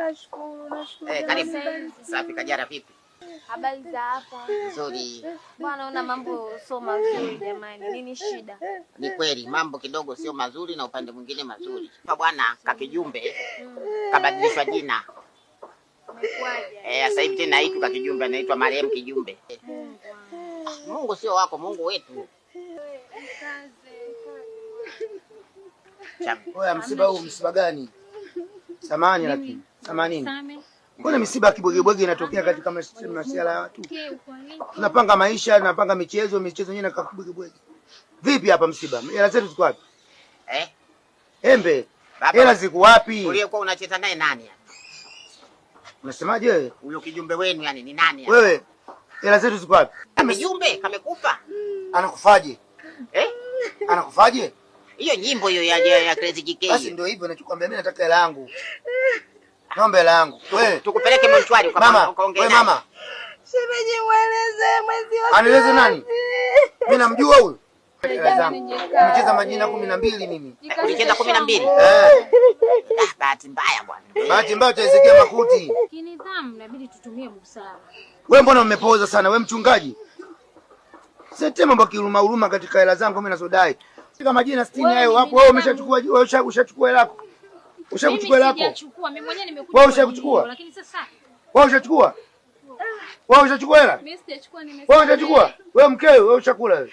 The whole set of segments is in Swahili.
Eh, Safi Kajara, vipi? Habari za hapa? Nzuri. Bwana, una mambo sio mazuri jamani. Nini shida? Ni kweli mambo kidogo sio mazuri na upande mwingine mazuri. Kwa bwana Kakijumbe mm. kabadilishwa jina. Eh, sasa hivi tena hii Kakijumbe anaitwa Mariam Kijumbe. Mungu sio wako, Mungu wetu. Wewe msiba huu msiba gani? Samani lakini themanini. Mbona misiba ya kibwegebwege inatokea katika masuala ya watu? Tunapanga maisha, tunapanga michezo, michezo yenyewe na kibwegebwege. Vipi hapa msiba? Hela zetu ziko wapi? Eh? Embe. Hela ziko wapi? Uliyekuwa unacheza naye nani? Unasemaje wewe? Ule kijumbe wenu yani ni nani? Wewe. Hela zetu ziko wapi? Ah, kijumbe kamekufa. Anakufaje? Eh? Anakufaje? Hiyo nyimbo hiyo ya ya Crazy GK. Basi ndio hivyo nachokuambia mimi nataka hela yangu. Ng'ombe langu. Wewe tukupeleke mochwari ukaongee. Wewe mama. Shemeji mueleze mwezi wa. Anieleze nani? Mimi namjua huyu. Nimecheza majina kumi na mbili mimi. Ulicheza kumi na mbili? Eh. Ah, bahati mbaya bwana. Bahati mbaya utasikia makuti. Kinidhamu inabidi tutumie busara. Wewe mbona umepoza sana? Wewe mchungaji. Sete mambo kiruma huruma katika hela zangu mimi nazodai. Sika majina 60 hayo hapo wewe umeshachukua wewe ushachukua hela yako. Ushakuchukua lako wewe, ushakuchukua lakini sasa wewe ushachukua ah. wewe ushachukua hela, mimi sijachukua, nimesema wewe ushachukua? wewe, mkewe wewe ushakula wewe.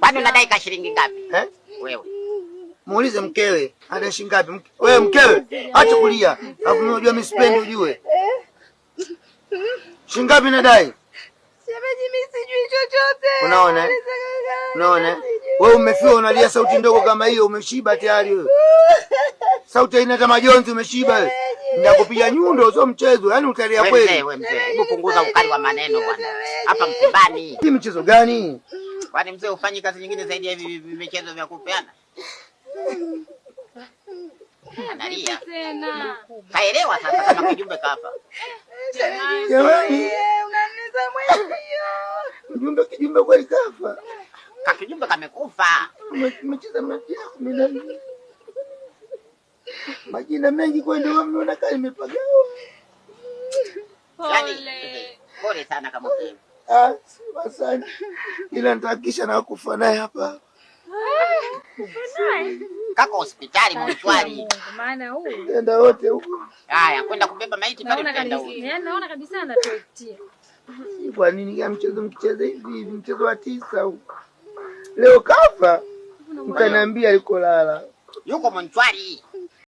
Bado unadai ka shilingi ngapi eh? Wewe muulize mkewe ana shilingi ngapi? Wewe mkewe, acha kulia, alafu unajua mimi sipendi ujue shilingi ngapi nadai. Shemeji, mimi sijui chochote. Unaona, eh? unaona eh? wewe umefiwa, unalia sauti ndogo kama hiyo, umeshiba tayari wewe. sauti inaleta majonzi, umeshiba. Ndakupiga nyundo, sio mchezo. Yaani utalia kweli. Wewe mzee, hebu punguza ukali wa maneno bwana. Hapa mtibani. Ni mchezo gani? Kwani mzee ufanye kazi nyingine zaidi ya hivi michezo vya kupeana? Analia. Kaelewa sasa kama kijumbe kafa. Jamani, unaniza kijumbe kweli kafa. Kakijumbe kamekufa. Majina mengi kwa kwenda wewe, unaona kama nimepagawa. Yaani, pole. Eh, pole sana kama wewe. Ah, asante. Ila nitahakikisha na kufa naye hapa. Kako hospitali mochwari. Maana huu. Tenda wote huko. Haya, kwenda kubeba maiti pale tenda huko. Yaani naona kabisa anatuitia. Kwa nini kama mchezo mkicheza hivi, hivi mchezo wa tisa huko. Leo kafa. Mkaniambia yuko lala. Yuko mochwari.